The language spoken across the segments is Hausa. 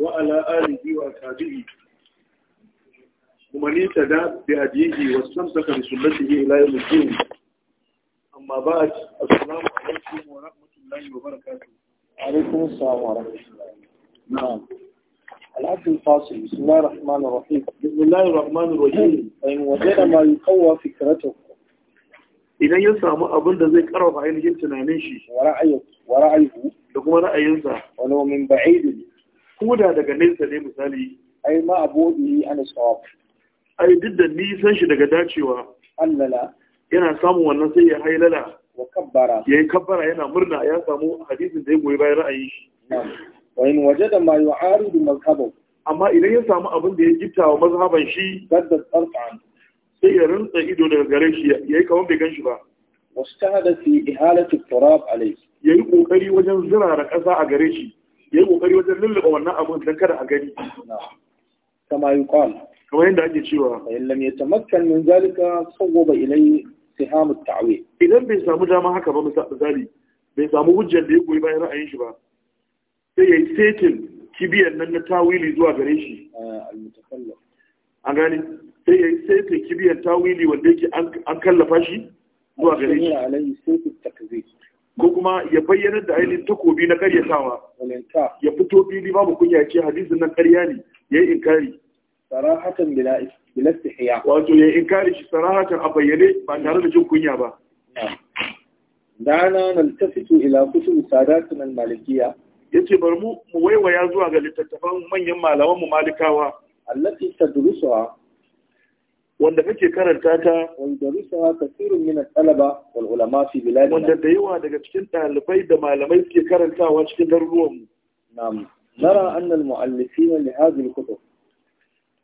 wa ala alihi wa tabi'i kuma ni ta da bi ajihi wa samtaka bi sunnatihi ila yawm al-din amma ba'd assalamu alaikum wa rahmatullahi wa barakatuh alaikum assalam wa rahmatullahi na'am al-abd al-fasil bismillahir rahmanir rahim bismillahir rahmanir rahim ayin wajada ma yuqawwa fikratuhu idan ya samu abin da zai karfafa ainihin tunanin shi wa ra'ayuhu wa da kuma ra'ayinsa wa min ba'id koda daga nesa ne misali ai ma abu yi ana sawab ai duk da nisan shi daga dacewa allala yana samun wannan sai ya hailala wa kabbara yayi kabbara yana murna ya samu hadisin da ya goyi bayan ra'ayin shi wa in wajada ma yu'aridu mazhabahu amma idan ya samu abin da ya gifta wa mazhaban shi gadda tsarfan sai ya rantsa ido daga gare shi yayi bai gan shi ba wastahada fi ihalati turab alayhi yayi kokari wajen zirara kasa a gare shi yi kokari wajen lulluɓa wannan abun don kada a gani kama yuqal kamar yadda ake cewa A yi lamye ta makkan min zalika sawwaba ilai sai hamu ta'awe idan bai samu dama haka ba misali bai samu hujjar da ya goyi bayan ra'ayin shi ba sai ya yi setin kibiyar nan na tawili zuwa gare shi a ah, gani sai ya yi saita kibiyar tawili wanda yake an kallafa shi zuwa gare shi ko kuma ya bayyanar da ainihin takobi na karyatawa ya fito fili babu kunya ya ce hadisin nan karya ne ya yi inkari sarahatan bila istihya wato ya inkari shi sarahatan a bayyane ba tare da jin kunya ba dana fito ila kutub sadatun malikiya Ya ce bar mu mu waiwaya zuwa ga littattafan manyan malaman mu malikawa allati tadrusuha wanda kake karanta ta wanda rusawa kasirun min al-talaba wal ulama fi biladina wanda da yawa daga cikin ɗalibai da malamai suke karantawa cikin garuruwan mu na'am nara anna al-mu'allifina li hadhihi al-kutub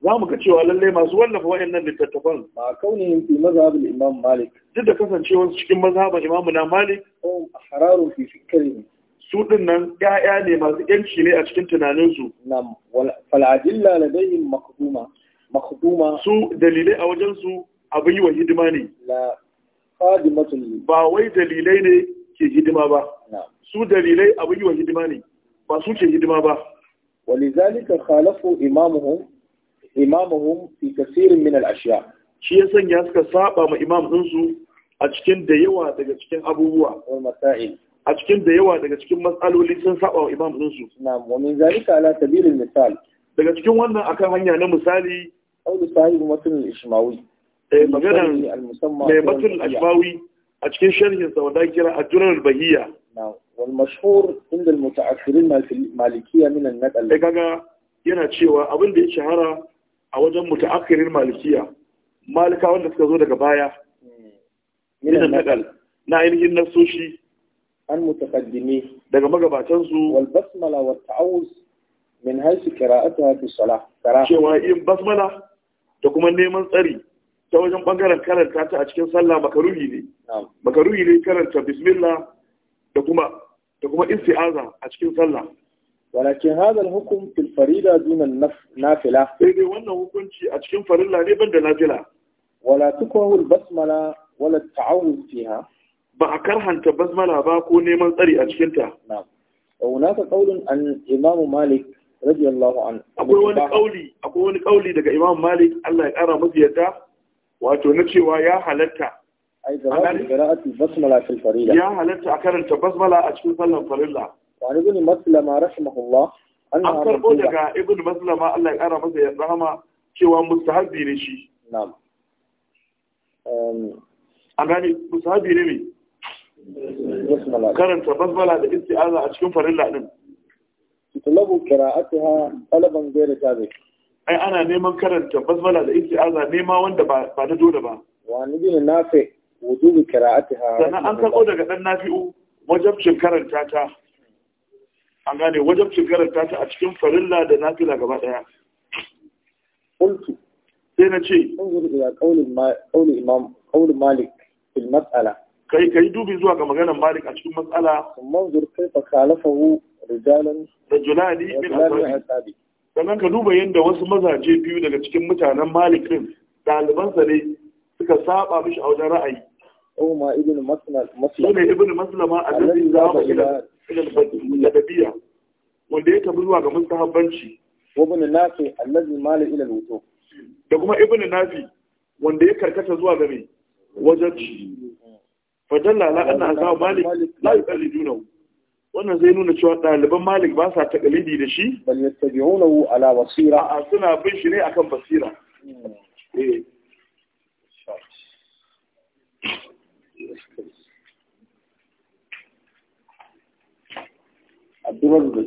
za mu ga cewa lallai masu wallafa wayannan littattafan Ba kaunihim fi mazhab al-imam malik duk da kasancewar cikin mazhaban imamu na malik um ahrarun fi fikrihim su din nan ƴaƴa ne masu yanci ne a cikin tunaninsu Nam wal adilla ladayhim maqduma makhduma su dalilai a wajen su abin yi wa hidima ne la qadimatul ba wai dalilai ne ke hidima ba su dalilai abin yi wa hidima ne ba su ke hidima ba walizalika khalafu imamuhum imamuhum fi kaseerin min al-ashya shi ya sanya suka saba ma imam din su a cikin da yawa daga cikin abubuwa wal masail a cikin da yawa daga cikin matsaloli sun saba wa imam din su na wa min zalika ala sabilil misal daga cikin wannan akan hanya na misali قول صاحب متن الإشماوي maganar mai matul ajmawi a cikin sharhin sa wanda kira ajuran bahiya wal mashhur inda al mutaakhirin malikiya minan an naqal eh kaga yana cewa abin da ya shahara a wajen mutaakhirin malikiya malika wanda suka zo daga baya Minan an naqal na ainihin nasoshi an mutaqaddimi daga magabatan su wal basmala wat ta'awuz min haythu qira'atuha fi salah cewa yin basmala da kuma neman tsari ta wajen bangaren karanta ta a cikin sallah makaruhi ne makaruhi ne karanta bismillah da kuma da kuma isti'aza a cikin sallah walakin hada hukum fil farida duna nafila sai dai wannan hukunci a cikin farilla ne banda nafila wala tukrahu al basmala wala ta'awuz fiha ba a karhanta basmala ba ko neman tsari a cikin ta na'am wa hunaka qawlun an imamu malik radiyallahu anhu akwai wani kauli daga Imam Malik Allah ya kara masa yarda wato na cewa ya halatta ya halatta a karanta basmala a cikin sallan farilla wani ibn maslama daga ibn maslama Allah ya kara masa yarda rahama cewa mustahabi ne shi na'am a gane mustahabi ne me karanta basmala da isti'aza a cikin farilla din yutlabu qira'atuha talaban ta zai. ai ana neman karanta basbala da isti'aza nema wanda ba na dole ba wa nabi nafi wujubi qira'atuha sannan an karbo daga dan nafi'u wajabcin karanta ta an gane wajabcin karanta ta a cikin farilla da na nafila gaba ɗaya. qultu sai na ce unzur ila qawli imam qawli malik fil mas'ala kai kai dubi zuwa ga maganar malik a cikin matsala manzur kai fa khalafahu rijalan da julali bin asabi sannan ka duba yadda wasu mazaje biyu daga cikin mutanen malik din ɗalibansa ne suka saba mishi a wajen ra'ayi Umar ibn Maslama ne ibn Maslama alladhi zaba ila ila al wanda ya tabi zuwa ga mustahabbanci ibn Nafi allazi mala ila al da kuma ibn Nafi wanda ya karkata zuwa ga me wajen Fadalla dalla la anna azab malik la yuqallidunahu wannan zai nuna cewa ɗaliban malik ba sa takalidi da shi bal yattabi'unahu ala basira a suna bin shi ne akan basira hmm. eh الدول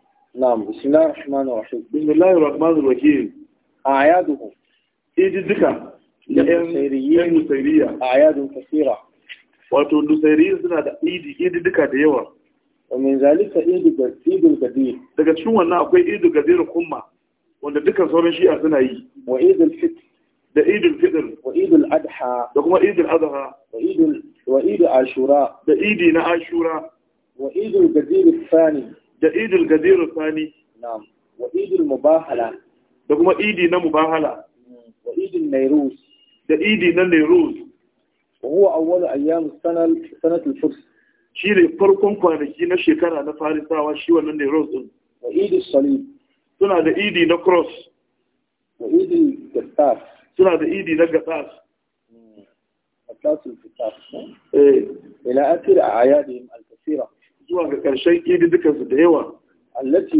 na'am bismillahir rahmanir rahim bismillahir rahmanir rahim ayaduhu ididduka da yan nusairiya ayadun kasira wato nusairiya suna da Idi. Idi ididduka da yawa wa min zalika idul gadir daga cikin wannan akwai idul gadir kuma wanda dukkan sauran shi'a suna yi wa idul fitr da idul fitr wa idul adha da kuma idul adha wa idul wa idul ashura da idi na ashura wa idul gadir thani da idul gadiru sani na'am wa idul mubahala da kuma idi na mubahala hmm. wa idul nairuz da idi na nairuz wa huwa awwal ayyam sanal al furs shi ne farkon kwanaki na shekara na farisawa shi wannan nairuz din wa idul Salim. suna da idi na cross wa idil gasas suna da idi na gasas hmm. gasas eh. ila إلى آخر al الكثيرة zuwa ga ƙarshen ƙididdikansu da yawa allati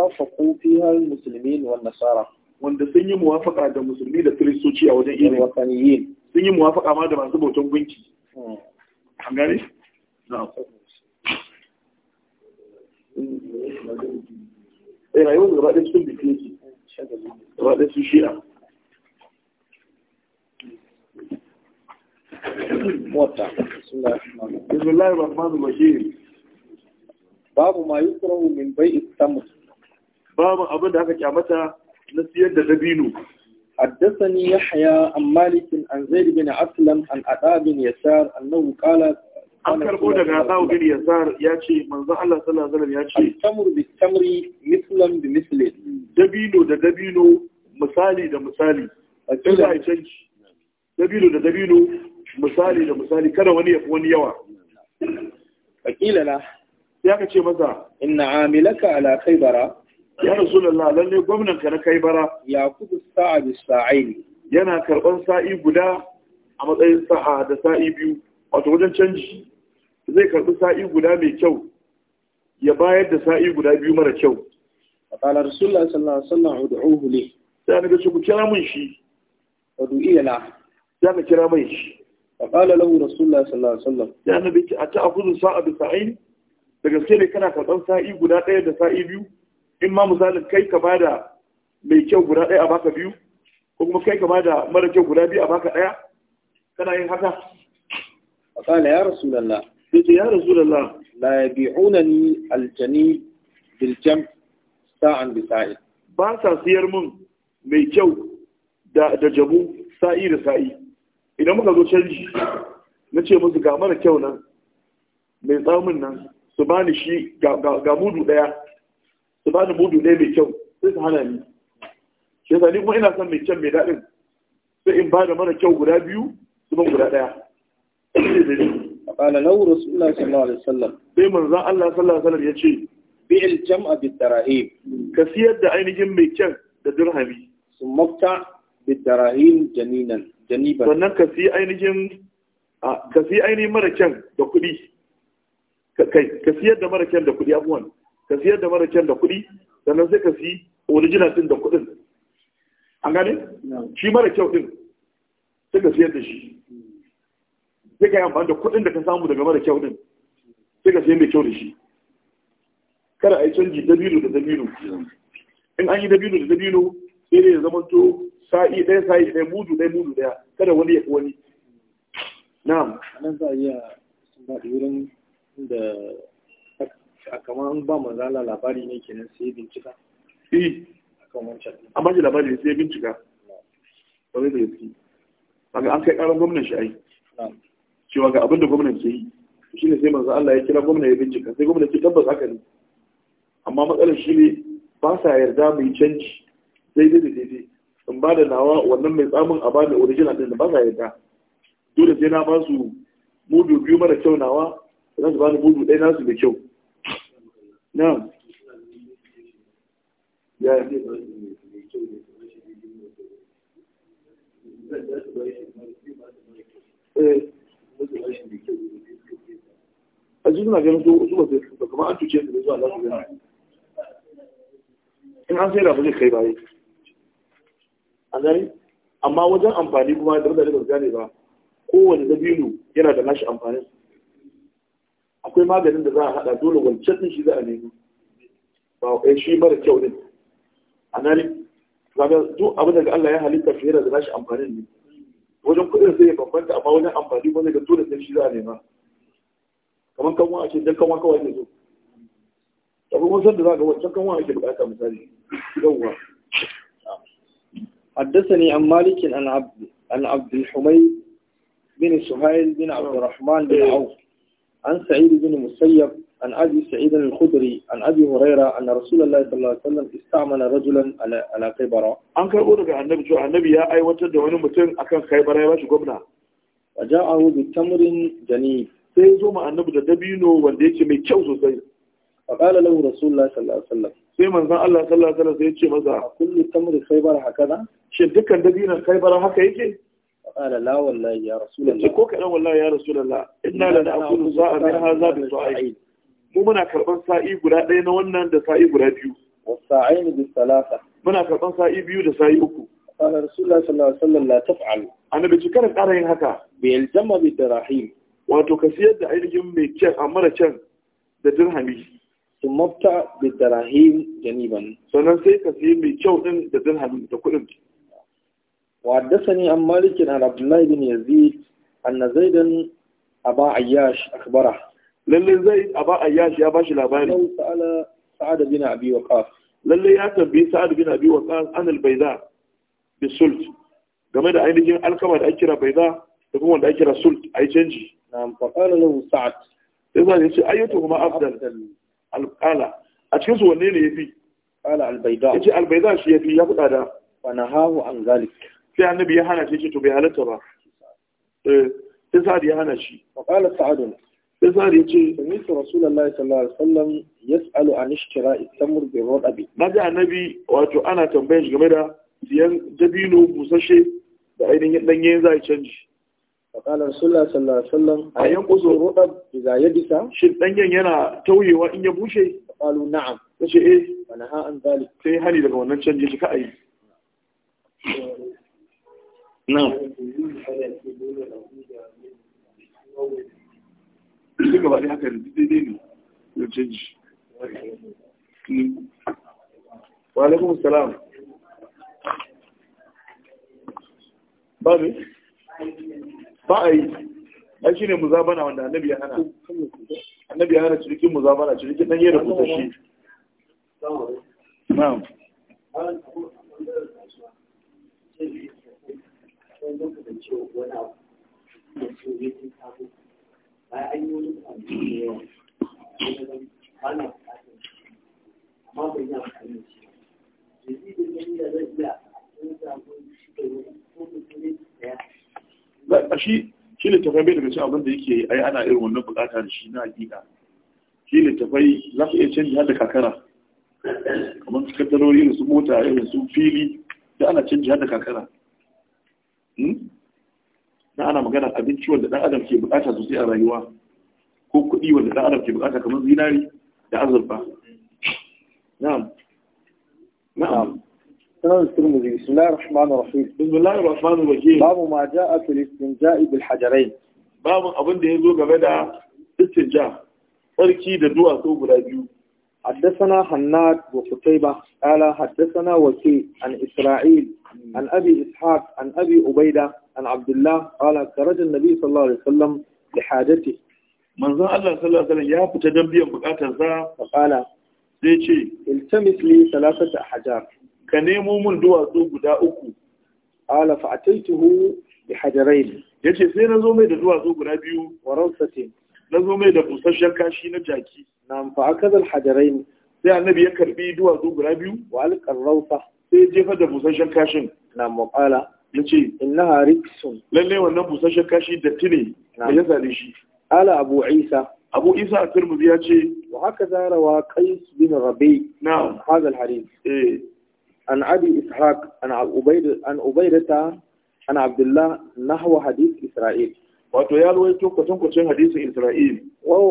wafaqu fiha almuslimin wan nasara wanda sun yi muwafaqa da musulmi da kiristoci a wajen irin wataniyin sun yi muwafaqa ma da masu bautan gunki hmm. an gane na'am eh rayuwar gaba ɗaya sun gaba ɗaya sun bismillahir rahmanir rahim babu ma yukrahu min bai'i tamr babu abin da aka kyamata na siyar da dabino حدثني يحيى عن مالك عن زيد بن أسلم عن عطاء بن يسار أنه قال an karɓo daga Hassan bin Yasar ya ce manzo Allah sallallahu alaihi ya ce tamru bi tamri mislan bi misli dabino da dabino misali da misali a cikin canji dabino da dabino misali da misali kada wani ya wani yawa akila na. Ya ka ce masa inna amilaka ala khaybara ya rasu rasulullah lalle gwamnan ka na khaybara ya kudu sa'a bi sa'aini yana karban sa'i guda a matsayin sa'a da sa'i biyu wato wajen canji zai karɓi sa'i guda mai kyau ya bayar da sa'i guda biyu mara kyau qala rasulullah sallallahu alaihi wasallam ud'uhu li sai an ga shi ku kira mun shi wadu'iya la Ya ka kira mai shi qala lahu rasulullah sallallahu alaihi wasallam sai a ta akudu sa'a bi sa'aini da gaske ne kana karɓar sa'i guda ɗaya da sa'i biyu in ma misalin kai ka ba da mai kyau guda ɗaya a baka biyu ko kuma kai ka ba da mara kyau guda biyu a baka ɗaya kana yin haka a kala ya rasu lalla sai ce ya rasu lalla la ya bi ni aljani biljam sa'an bi sa'i ba sa siyar min mai kyau da jabu sa'i da sa'i idan muka zo canji na ce musu ga mara kyau nan mai tsamin nan su bani shi ga mudu ɗaya su bani mudu ɗaya mai kyau sai su hana ni shi yasa ni kuma ina son mai kyan mai daɗin sai in ba da mara kyau guda biyu su ban guda ɗaya قال له رسول الله صلى الله عليه وسلم sai manzon Allah sallallahu alaihi wasallam yace bi'il jam'a bid darahim ka siyar da ainihin mai kyan da dirhami sun mafta bid darahim janinan janiban sannan ka siya ainihin ka siya ainihin mara kyan da kuɗi kai ka siyar da mara kyan da kuɗi abuwan ka siyar da mara kyan da kuɗi sannan sai ka siyi original din da kuɗin an gane shi mara kyau din sai ka siyar da shi sai ka yi amfani da kuɗin da ka samu daga mara kyau din sai ka siyar da kyau da shi kada a yi canji dabino da dabino in an yi dabino da dabino sai dai ya zama to sa'i ɗaya sa'i ɗaya mudu ɗaya mudu ɗaya kada wani ya fi wani na'am anan za a iya sun ba wurin da kamar ba mazala labari ne kenan sai bincika eh akan wancan an ba shi labari sai bincika wani da yake kaga an kai karan gwamnan shi ai cewa ga abin da gwamnan ke yi shi ne sai manzo Allah ya kira gwamnan ya bincika sai gwamnan ce tabbas haka ne amma matsalar shi ne ba sa yarda mu yi canji daidai da daidai in ba da nawa wannan mai tsamin a bani original din da ba sa yarda dole sai na ba su mudu biyu mara kyau nawa za su ni budu ɗaya nasu da kyau na ya eh. a ji suna ganin su ba su kuma an tuce su da zuwa za su in an sai da ba zai kai baye a gani amma wajen amfani kuma da mutane ba gane ba kowane dabino yana da nashi amfanin akwai maganin da za a haɗa dole wancan din shi za a nemi ba wa eh, shi mara kyau ne. a nan kaga duk abin da Allah ya halitta fiye da nashi amfanin ne wajen kudin sai ya bambanta amma wajen amfani wani ga dole sai shi za a nema kamar kanwa a ce dan kanwa kawai ne zo tafi mun san da za ga wancan kanwa ake bukata misali yawwa حدثني عن مالك عن عبد عن عبد الحميد بن سهيل بن عبد الرحمن بن عوف عن سعيد بن مسيب عن أبي سعيد الخدري عن أبي هريرة أن رسول الله صلى الله عليه وسلم استعمل رجلا على على خيبرة أنك أقول عن النبي شو النبي يا أي وتد وين متن أكن خيبرة يا باش قمنا وجاءه بتمر جنيب سيزوم النبي دبينو ولديك ميتشوز زي فقال له رسول الله صلى الله عليه وسلم sai manzon Allah sallallahu alaihi wasallam sai ya ce maza kullu tamri khaybar hakaza shin dukkan dabinan khaybar haka yake فقال لا والله يا رسول الله كوك لا والله يا رسول الله إنا لنأكل زاء من هذا بالساعين mu muna karɓar sa'i guda ɗaya na wannan da sa'i guda biyu wasa'ain bi salasa muna karɓar sa'i biyu da sa'i uku qala rasulullah sallallahu alaihi wasallam la taf'al annabi ci karin ƙara haka bi yalzama bi dirahim wato ka siyar da ainihin mai kyan a mara can da dirhami sun mafta da dirahim janiban sannan sai ka siyi mai kyau din da dirhami da kuɗin وحدثني عن مالك عن عبد الله بن يزيد أن زيدا أبا عياش أخبره للي زيد أبا عياش يا باشا الأباني سأل سعد بن أبي وقاص للي يأتي سعد بن أبي وقاص عن البيضاء بالسلط game da ainihin alkama da ake kira baiza da kuma wanda ake kira sult a yi canji. Na'am fa qala lahu sa'ad. Sai sa yace ayyatu kuma afdal alqala a cikin wanne ne yafi? Qala albayda. shi ya fi tsada. Wa nahahu sai annabi ya hana shi to bai halatta ba eh, sai sa'ad ya hana shi wa qala sa'ad sai sa'ad ya ce sami'tu rasulullahi sallallahu alaihi wasallam yas'alu an ishtira'i tamr bi radabi naji annabi wato ana tambayar shi game da siyan dabino busashe da ainihin danye za a canji فقال رسول الله صلى الله عليه وسلم أينقص الرطب إذا يبس شن دنيان yana tauyewa in ya bushe قالوا نعم kace eh ونهى an ذلك sai hali daga wannan canji shi ka ayi nan duk gaba da ne ya wa salam ba ne ba a yi ai shi ne muzabana wanda annabi ya hana annabi ya hana cirikin muzabana cirikin ɗanye da kusa shi na'am sai zo ka zance wani abu da su ne sun tafi bayan an yi wani abu da yawa ba na bukatar shi amma bai yi amfani da shi da zai da gani da zan iya sun samu shi da wani ko mutum ne daya. shi shi littafai bai daga cikin abin da yake ai ana irin wannan bukata da shi na hakika shi littafai za ka iya canji har da kakara kamar su kaddarori da su mota irin su fili da ana canji har da kakara na ana magana abinci wanda dan adam ke bukata sosai a rayuwa ko kuɗi wanda dan adam ke bukata kamar zinari da azurfa na'am na'am sanar da sirmu zai suna rahmanu rahim bismillahir rahmanir rahim babu ma a fil ja bil hajarai babu abin da zo game da ja, sarki da duwatsu guda biyu da حدثنا حناد وقتيبة قال حدثنا وكي an Isra'il, an abi إسحاق an abi عبيدة an Abdullah ala karajin Nabi sallallahu alaihi wasallam da hajjati. Manzan Allah sallallahu alaihi ya fita don biyan bukatar sa a kala. Zai ce, Iltamis li salasata Ka nemo mun duwatsu guda uku. Ala fa'ataituhu bi hajarain. Yace sai na zo mai da duwatsu guda biyu. Wa rawsatin. Na zo da busasshen kashi na jaki. Na fa akadal hajarain. Sai annabi ya karɓi duwatsu guda biyu. Wa alqarrawsa. Sai jefa da busasshen kashin. Na ya ce inna riksun lalle wannan busasshen kashi da tine da ya zare shi ala abu isa abu isa a turmuzi ya ce wa haka zarawa qais bin rabi na hadal hadith eh an abi ishaq an ubayd an ubaydata an abdullah nahwa hadith isra'il wato ya rawaito kwatankwacin hadisin isra'il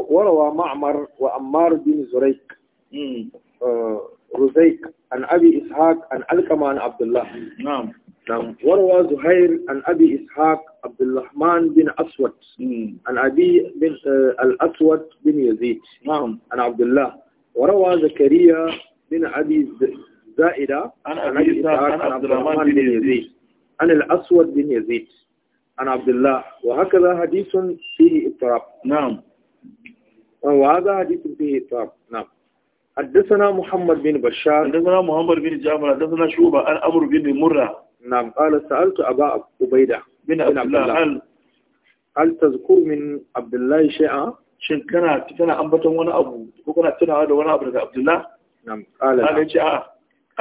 warawa ma'amar wa ammar bin zuraik hmm. eh, رزيق عن أبي إسحاق عن ألقمان عن عبد الله نعم نعم وروى زهير عن أبي إسحاق عبد الرحمن بن أسود عن أبي بن الأسود بن يزيد نعم عن عبد الله وروى زكريا بن أبي زائدة عن أبي إسحاق عن عبد الرحمن بن يزيد عن الأسود بن يزيد عن عبد الله وهكذا حديث فيه اضطراب نعم وهذا حديث فيه اضطراب نعم حدثنا محمد بن بشار حدثنا محمد بن جابر حدثنا شعبة عن عمرو بن مرة نعم قال سألت أبا عبيدة بن عبد الله هل تذكر من عبد الله شيئا shin kana kana ambaton wani abu ko kana tunawa da wani abu daga Abdullah na'am qala ala ce a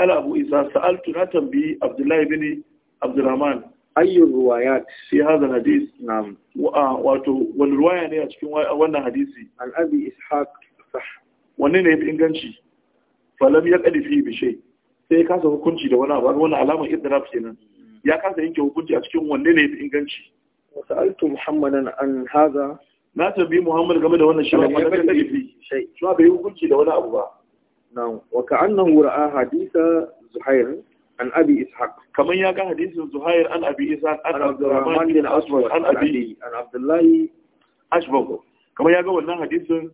ala Isa sa'altu na tambayi Abdullah ibn Abdurrahman ayyu riwayat fi hadha hadith na'am wato wani ne a cikin wannan hadisi al abi ishaq wanne ne fi inganci falam ya kadifi bi shay sai ya kasa hukunci da wani abu wannan alamar idraf kenan ya kasa yanke hukunci a cikin wanne ne fi inganci wa sa'altu muhammadan an haza. na tambayi muhammad game da wannan shi ma ya kadifi shay shi ma bai hukunci da wani abu ba na'am wa ka'annahu ra'a hadisa zuhair an abi ishaq kaman ya ga hadisin zuhair an abi ishaq an abdurrahman bin aswad an abi an Abdullahi الله kaman ya ga wannan hadisin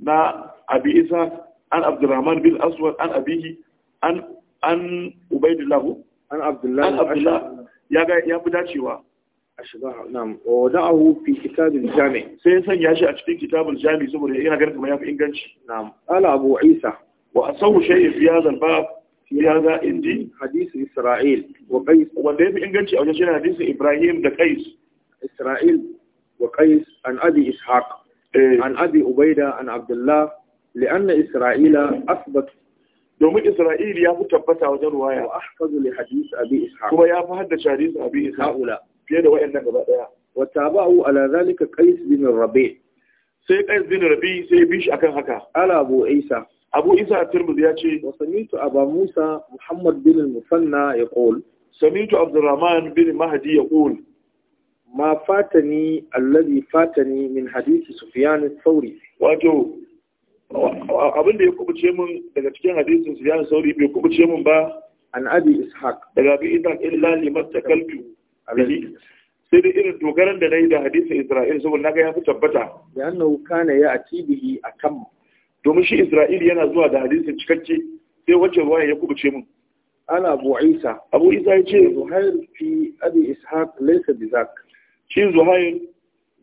na abi isa an abdurrahman bin aswad an abihi an an ubaidillahu an abdullah an abdullah ya ga ya fi dacewa a ashbaha na'am wa da'ahu fi kitabul jami sai ya sanya shi a cikin kitabul jami saboda yana ganin kamar yafi inganci na'am ala abu isa wa asawu shay'in fi hadha al-bab fi hadha indi hadith isra'il wa qais wanda fi inganci a wajen hadisin ibrahim da qais isra'il wa qais an abi ishaq Eh. an abi ubaida an abdullah li'anna isra'ila asbat domin isra'il ya fi tabbata wajen ruwaya wa ahfazu li hadith abi ishaq kuma ya fi haddace hadith abi ishaq fiye da wayannan gaba daya wa tabahu ala zalika qais bin rabi sai qais bin rabi sai bi shi akan haka ala abu isa abu isa at-tirmidhi ya ce wa samitu aba musa muhammad bin al-musanna yaqul samitu abdurrahman bin mahdi yaqul ma فاتني الذي فاتني من حديث سفيان الثوري واتو wato abin da ya kubuce min daga cikin hadisin sufyan Sauri bai kubuce min ba an abi ishaq daga bi idan illa li mastakaltu sai da irin dogaran da nayi da hadisin isra'il saboda naga ya fi tabbata ya annahu kana ya atibihi akam domin shi isra'il yana zuwa da hadisin cikakke sai wacce ruwa ya kubuce min ana abu isa abu isa ya ce zuhair fi abi ishaq laysa bizak shi zuhair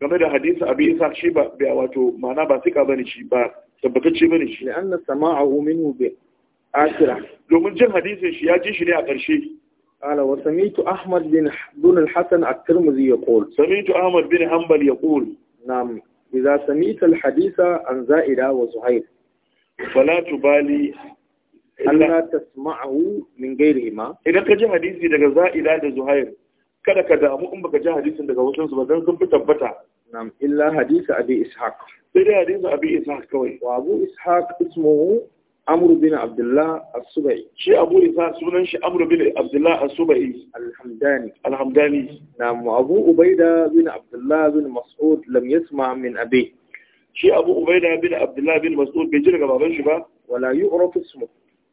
game da hadisa abi isa shi ba ba wato ma'ana ba sika bane shi ba tabbatacce bane shi an na sama'a minhu bi akira domin jin hadisin shi ya ji shi ne a karshe ala wa samitu ahmad bin dun al-hasan at-tirmidhi yaqul samitu ahmad bin hanbal yaqul na'am idza samita al-hadisa an za'ida wa zuhair fala tubali alla tasma'u min ghayrihima idan ka ji hadisi daga za'ida da zuhair kada ka damu in baka ji hadisin daga wajen su ba dan sun fi tabbata nam illa hadisi abi ishaq sai dai hadisin abi ishaq kawai wa abu ishaq ismuhu amr bin abdullah as-subai shi abu ishaq sunan shi amr bin abdullah as-subai alhamdani alhamdani nam abu ubaida bin abdullah bin mas'ud lam yasma min abi shi abu ubaida bin abdullah bin mas'ud bai ji daga baban shi ba wala yu'rafu ismu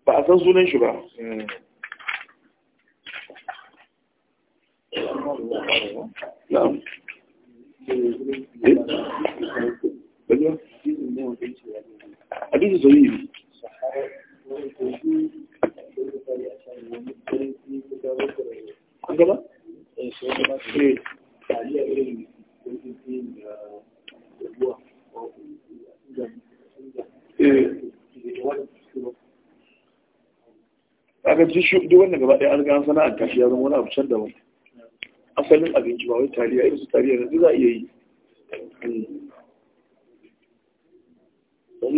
ba a san sunan shi ba hmm. da hadisi sahihi an gaba? kaga wannan gaba ɗaya an ga sana'ar kashi ya zama wani abu can daban asalin abinci ba wai taliya irin su taliya yanzu za iya yi بسم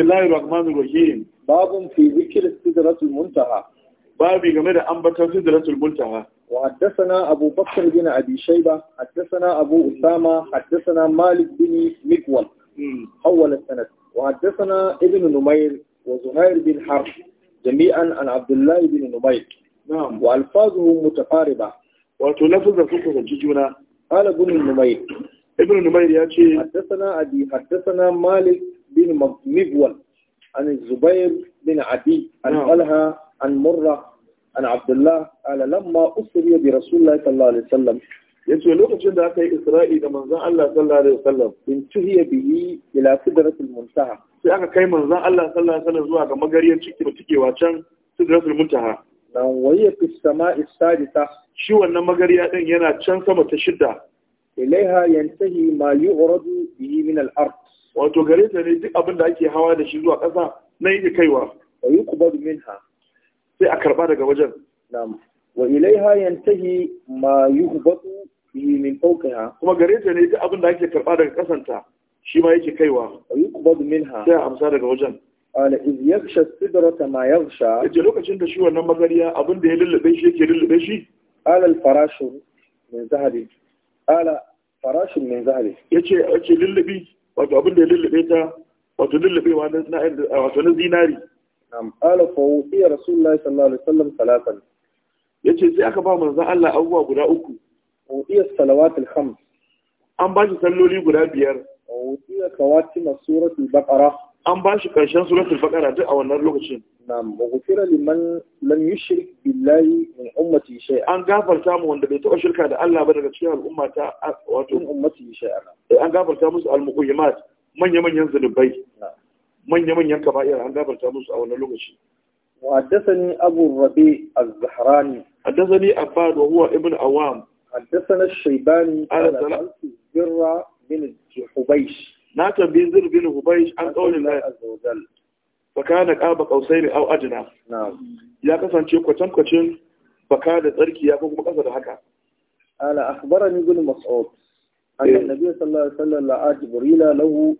الله الرحمن الرحيم باب في ذكر سدرة المنتهى باب game أنبت ambaton المنتهى وحدثنا أبو بكر بن أبي شيبة حدثنا أبو أسامة حدثنا مالك بن مكول حول السند وحدثنا ابن نمير وزهير بن حرب جميعا عن عبد الله بن نمير نعم والفاظه متقاربه wato lafazan sun kusanci juna ala ibn numayr ibn numayr ya ce haddathana abi haddathana malik bin mibwal an zubair bin adi an talha an murra an abdullah ala lamma usriya bi rasulillah sallallahu alaihi yace lokacin da aka yi isra'i da manzan Allah sallallahu alaihi wasallam in tuhiya bihi ila sidratul muntaha sai aka kai manzan Allah sallallahu alaihi wasallam zuwa ga magariyar ciki da tikewa can sidratul muntaha na waye fi sama'i sadisa shi wannan magariya din yana can sama ta shidda ilaiha yantahi ma yu'radu bihi min al-ard wato gare ta ne duk abin da ake hawa da shi zuwa ƙasa na yake kaiwa wa yuqbadu minha sai a karba daga wajen na'am wa ilaiha yantahi ma yuhbatu min ɗaukaya. kuma gare ta ne duk abin da ake karɓa daga kasanta shi ma yake kaiwa yuqbad minha sai amsa daga wajen ala iz yakhsha sidrata ma yakhsha je lokacin da shi wannan magariya abin da ya lullube shi yake lullube shi ala al farashu min zahabi ala farashu min zahabi yace yace lullubi wato abin da ya lullube ta wato wa na wato na zinari nam ala fa wufiya rasulullahi sallallahu alaihi wasallam salatan yace sai aka ba manzo Allah abubuwa guda uku وهي الصلوات الخمس أم باش صلوا لي غدا بيار وهي خواتم سورة البقرة أم باش كرشان سورة البقرة دي أو النار لوكشين نعم وغفر لمن لم يشرك بالله من أمتي شيئا أن غافر تامو وند بيت شركة دا الله بدك تشيها الأمة تا واتو أمتي شيئا أن غافر تامو المقيمات من يمن ينزل البيت من يمن ينكب أيها أن غافر تامو أو النار لوكشين وحدثني أبو الربيع الزهراني حدثني أباد وهو ابن أوام حدثنا الشيباني قال سألت زر بن حبيش na tambayi zir bin hubaysh an kaulin la azawajal fakana qaba qausaini aw ajna ya kasance kwatan kwacin baka da tsarki ya kuma kasa da haka ala akhbarani ibn mas'ud anna nabiy sallallahu alaihi wasallam la jibrila lahu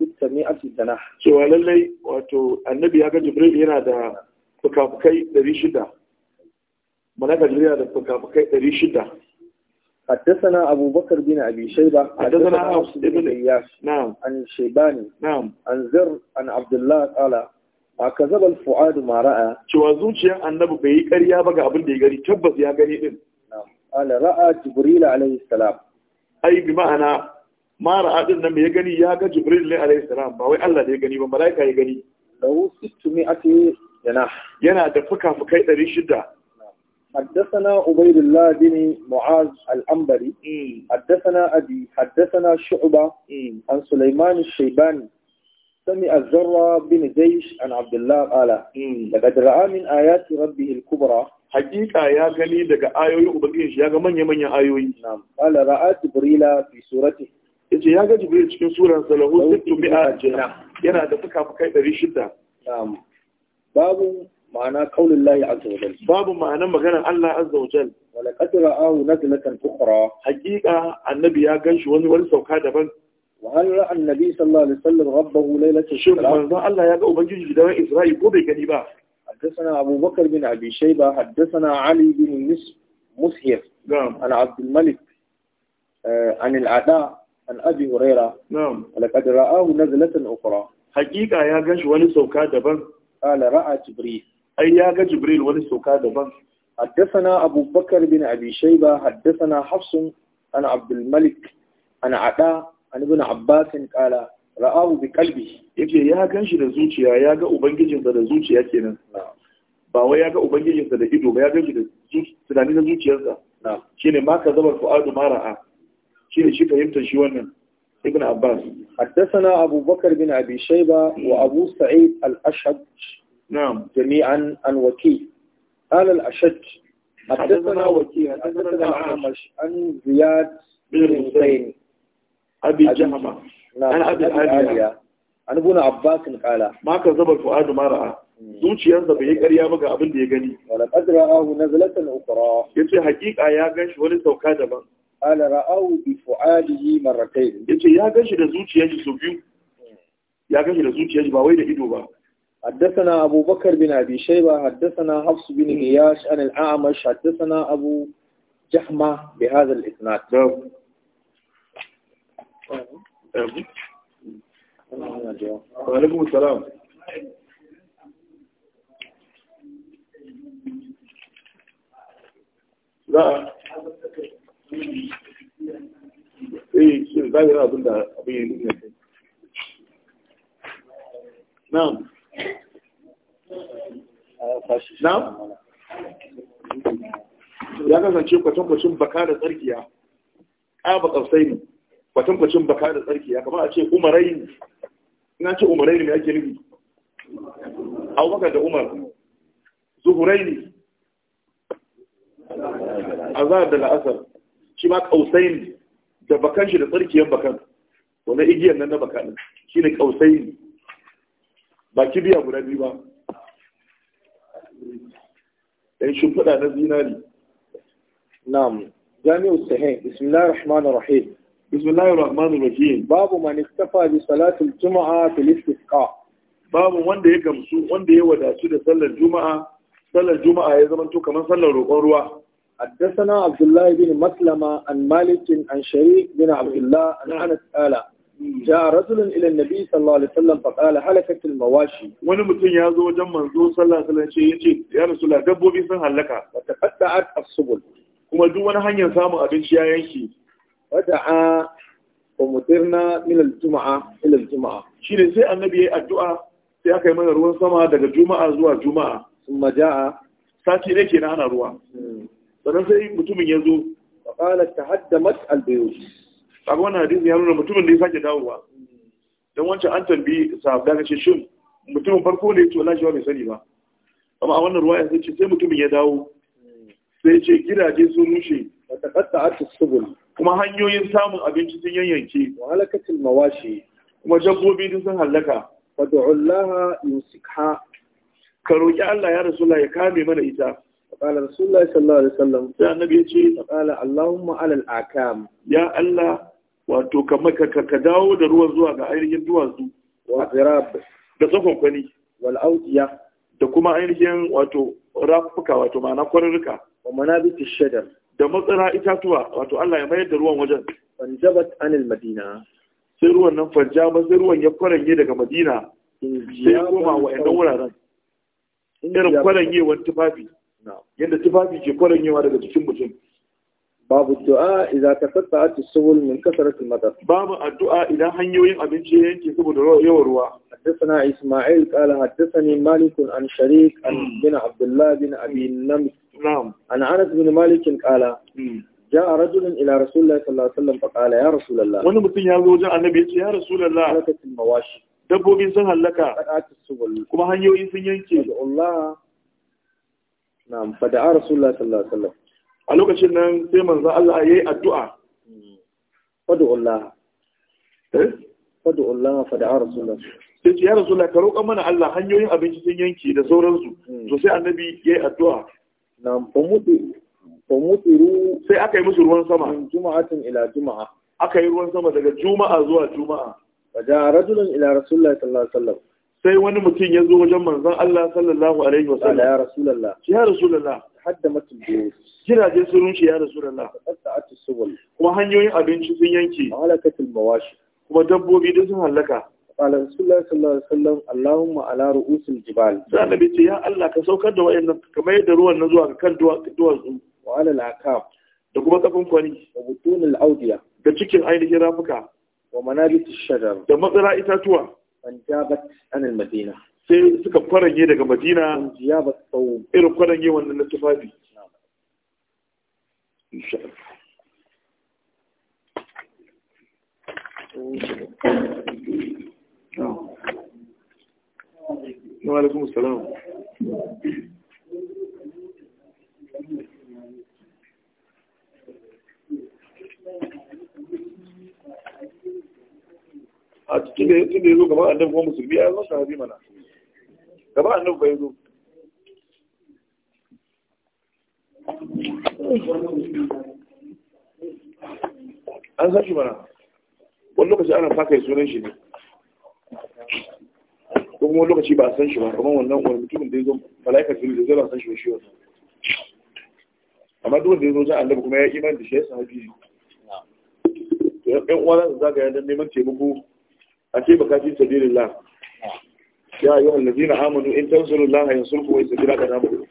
600 janah cewa lallai wato annabi ya ga jibril yana da fukafukai 600 malaka yana da fukafukai 600 حدثنا أبو بكر بن أبي شيبة حدثنا عاصم بن إياس نعم عن شيباني نعم عن زر عن عبد الله قال كذب الفؤاد ما رأى cewa zuciyar annabi bai yi karya ba ga abin da ya gani tabbas ya gani din ala ra'a jibril alaihi salam ai bi ma'ana ma ra'a ya gani ya ga jibril ne alaihi salam ba wai Allah da ya gani ba malaika ya gani lahu sittu mi'ati yana yana da fuka-fukai 600 حدثنا عبيد الله بن معاذ الأنبري حدثنا أبي حدثنا شعبة عن سليمان الشيباني سمع الزرة بن جيش عن عبد الله قال لقد رأى من آيات ربه الكبرى حقيقة يا غني دقا آيوي وبقيش يا من يمن آيوي نعم قال رأى جبريل في سورته yace ya ga jibril cikin suran salahu sittu mi'a jana yana da fuka-fukai 600 na'am babu معنى قول الله عز وجل باب معنى مغنى الله عز وجل ولقد رآه نزلة أخرى حقيقة النبي يا قنش وني ولسو كادبا وهل رأى النبي صلى الله عليه وسلم ربه ليلة شوف ما الله يا قوم بجوج في إسرائيل قوبي كذبا حدثنا أبو بكر بن أبي شيبة حدثنا علي بن النسب مسهر نعم عن عبد الملك آه عن العداء عن أبي هريرة نعم ولقد رآه نزلة أخرى حقيقة يا قنش سوكا دبن قال رأى جبريل ai ya ga jibril wani sauka daban حدثنا أبو بكر بن أبي شيبة حدثنا حفص عن عبد الملك عن عطاء عن ابن عباس قال رآه بقلبه yake ya gan shi da zuciya ya ga ubangijinsa da zuciya kenan ba wai ya ga ubangijinsa da ido ba ya gan shi da tunani na zuciyarsa shine ma ka zaba fu'adu ma ra'a shine shi fahimtar shi wannan ibn abbas haddathana abu bakar bin abi shayba wa abu sa'id al-ashhab نعم جميعا عن وكيع قال الأشج حدثنا وكيع حدثنا الأعمش عن زياد بن حسين أبي جهمة نعم أنا أبي العالية عن ابن عباس قال ما كذب الفؤاد ما رأى zuciyarsa bai yi ƙarya ba ga abin da ya gani. Wala ƙadra ahu na zalatan ukura. Ya ce hakika ya ganshi wani sauka daban. Ala ra'ahu bi fu'adihi marratayn. Ya ce ya ganshi da zuciyarsa sau biyu. Ya ganshi da shi, ba wai da ido ba. حدثنا أبو بكر بن أبي شيبة حدثنا حفص بن إياش عن الأعمش حدثنا أبو جحمة بهذا الإسناد نعم. وعليكم السلام لا ايه شيء لا هذا نعم ya kasance kwacin-kwacin baka da tsarkiya ƙaba ƙafsai ne kwacin-kwacin baka da tsarkiya kamar a ce umarai ne ina ce umarai ne ake nufi abubakar da umar zuhurai ne azhar da la'asar shi ma ƙausai ne da bakan shi da tsarkiyar bakan wani igiyar nan na bakan shi ne ƙausai ne ba kibiya guda biyu ba ɗan shimfiɗa na zinari na'am jami'u sahin bismillahir rahmanir rahim bismillahir rahmanir rahim babu man istafa bi salatil jumu'a fil istisqa babu wanda ya gamsu wanda ya wadatu da sallar juma'a sallar juma'a ya zama to kamar sallar roƙon ruwa حدثنا عبد الله بن مسلمة عن مالك عن شريك بن عبد الله عن أنس جاء رجل إلى النبي صلى الله عليه وسلم فقال هلكت المواشي wani mutum ya zo wajen manzo sallallahu alaihi wasallam yace ya rasulullah dabbobi sun halaka fataqatta'at as-subul kuma duk wani hanyar samun abinci ya yanki wada'a wa mutirna min al-jum'a ila al-jum'a shine sai annabi yayi addu'a sai aka yi mana ruwan sama daga juma'a zuwa juma'a thumma ja'a sati ne kenan ana ruwa hmm. sannan sai mutumin ya zo faqala tahaddamat al-bayt kaga wannan hadisi ya nuna mutumin da ya sake dawowa Don wancan an tambi sahabba ga shin mutumin farko ne ya ce wallahi shi bai sani ba amma a wannan ruwa ya ce sai mutumin ya dawo sai ce gidaje sun rushe wa taqatta'at as-subul kuma hanyoyin samun abinci sun yanyanke wa halakatil mawashi kuma jabbobi din sun halaka fa du'allaha yusikha ka roki Allah ya rasulullah ya kame mana ita qala rasulullah sallallahu alaihi wasallam sai annabi ya ce qala allahumma alal akam ya allah wato kamar ka dawo da ruwan zuwa ga ainihin duwatsu da tsakon kwani wal'audiya da kuma ainihin wato rafuka wato ma'ana kwarurruka wa manabiti shadar da matsara itatuwa wato Allah ya mayar da ruwan wajen fanjabat anil madina sai ruwan nan ba sai ruwan ya kwaranye daga madina sai ya koma wa ɗan wuraren irin wani tufafi yadda tufafi ke kwaranyewa daga jikin mutum babu du'a idza tafatta'at as-subul min kasrat al-madar babu addu'a idan hanyoyin abinci ya yanke saboda yawan ruwa حدثنا إسماعيل قال حدثني مالك عن شريك عن بن عبد الله بن أبي النمس نعم عن أنس بن مالك قال جاء رجل إلى رسول الله صلى الله عليه وسلم فقال يا رسول الله وانا متن يازو جاء النبي يا رسول الله هلكت المواشي دبوبين سن هلكا قطعت السبل كما هنيوين سن ينكي الله نعم فدعا رسول الله صلى الله عليه وسلم a lokacin nan sai manzo Allah ya yi addu'a fad'ullah eh fad'ullah fad'a rasulullah sai ce ya rasulullah ka roƙa mana Allah hanyoyin abinci sun yanki da sauransu hmm. to sai annabi ya yi addu'a nam famutu famutiru sai aka yi musu ruwan sama juma'atin ila juma'a aka yi ruwan sama daga juma'a zuwa juma'a waja rajulun ila rasulullah sallallahu alaihi wasallam sai wani mutum ya zo wajen manzon Allah sallallahu alaihi wasallam ya rasulullah ya rasulullah hadda biyu. jiragen sun rushe ya rasu da kuma hanyoyin abinci sun yanke halakatul mawashi kuma dabbobi duk sun hallaka. qala rasulullahi sallallahu alaihi wasallam allahumma ala ru'usil jibal sai annabi ce ya Allah ka saukar da wayannan kamar yadda ruwan na zuwa kan duwatsu wa ala al da kuma kafin kwani wa butunil la'audiya. da cikin ainihin rafuka wa ta shajar da matsara itatuwa an jabat anil madina sai suka kwaranye daga madina tsawo. irin kwaranye wannan na tufafi insha Allah a cikin da ya zo gaba annabi kuma musulmi ya zo sahabi mana gaba annabi bai zo an san shi mana wani lokaci ana faka sunan shi ne ko kuma lokaci ba a san shi ba kamar wannan wani mutumin da ya zo mala'ikar jibril da zai ba san shi ba shi wannan amma duk da ya zo ja annabi kuma ya imani da shi ya sahabi ne to yan uwa su zagaya don neman taimako a ce baka fi sabilillah ya ayyuhal ladina amanu in tansurullaha yansurkum wa yusabbiru damu?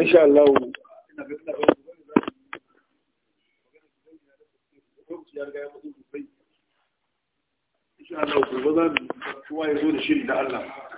gobe insha Allah insha Allah gobe za mu kowa ya zo da shiri da Allah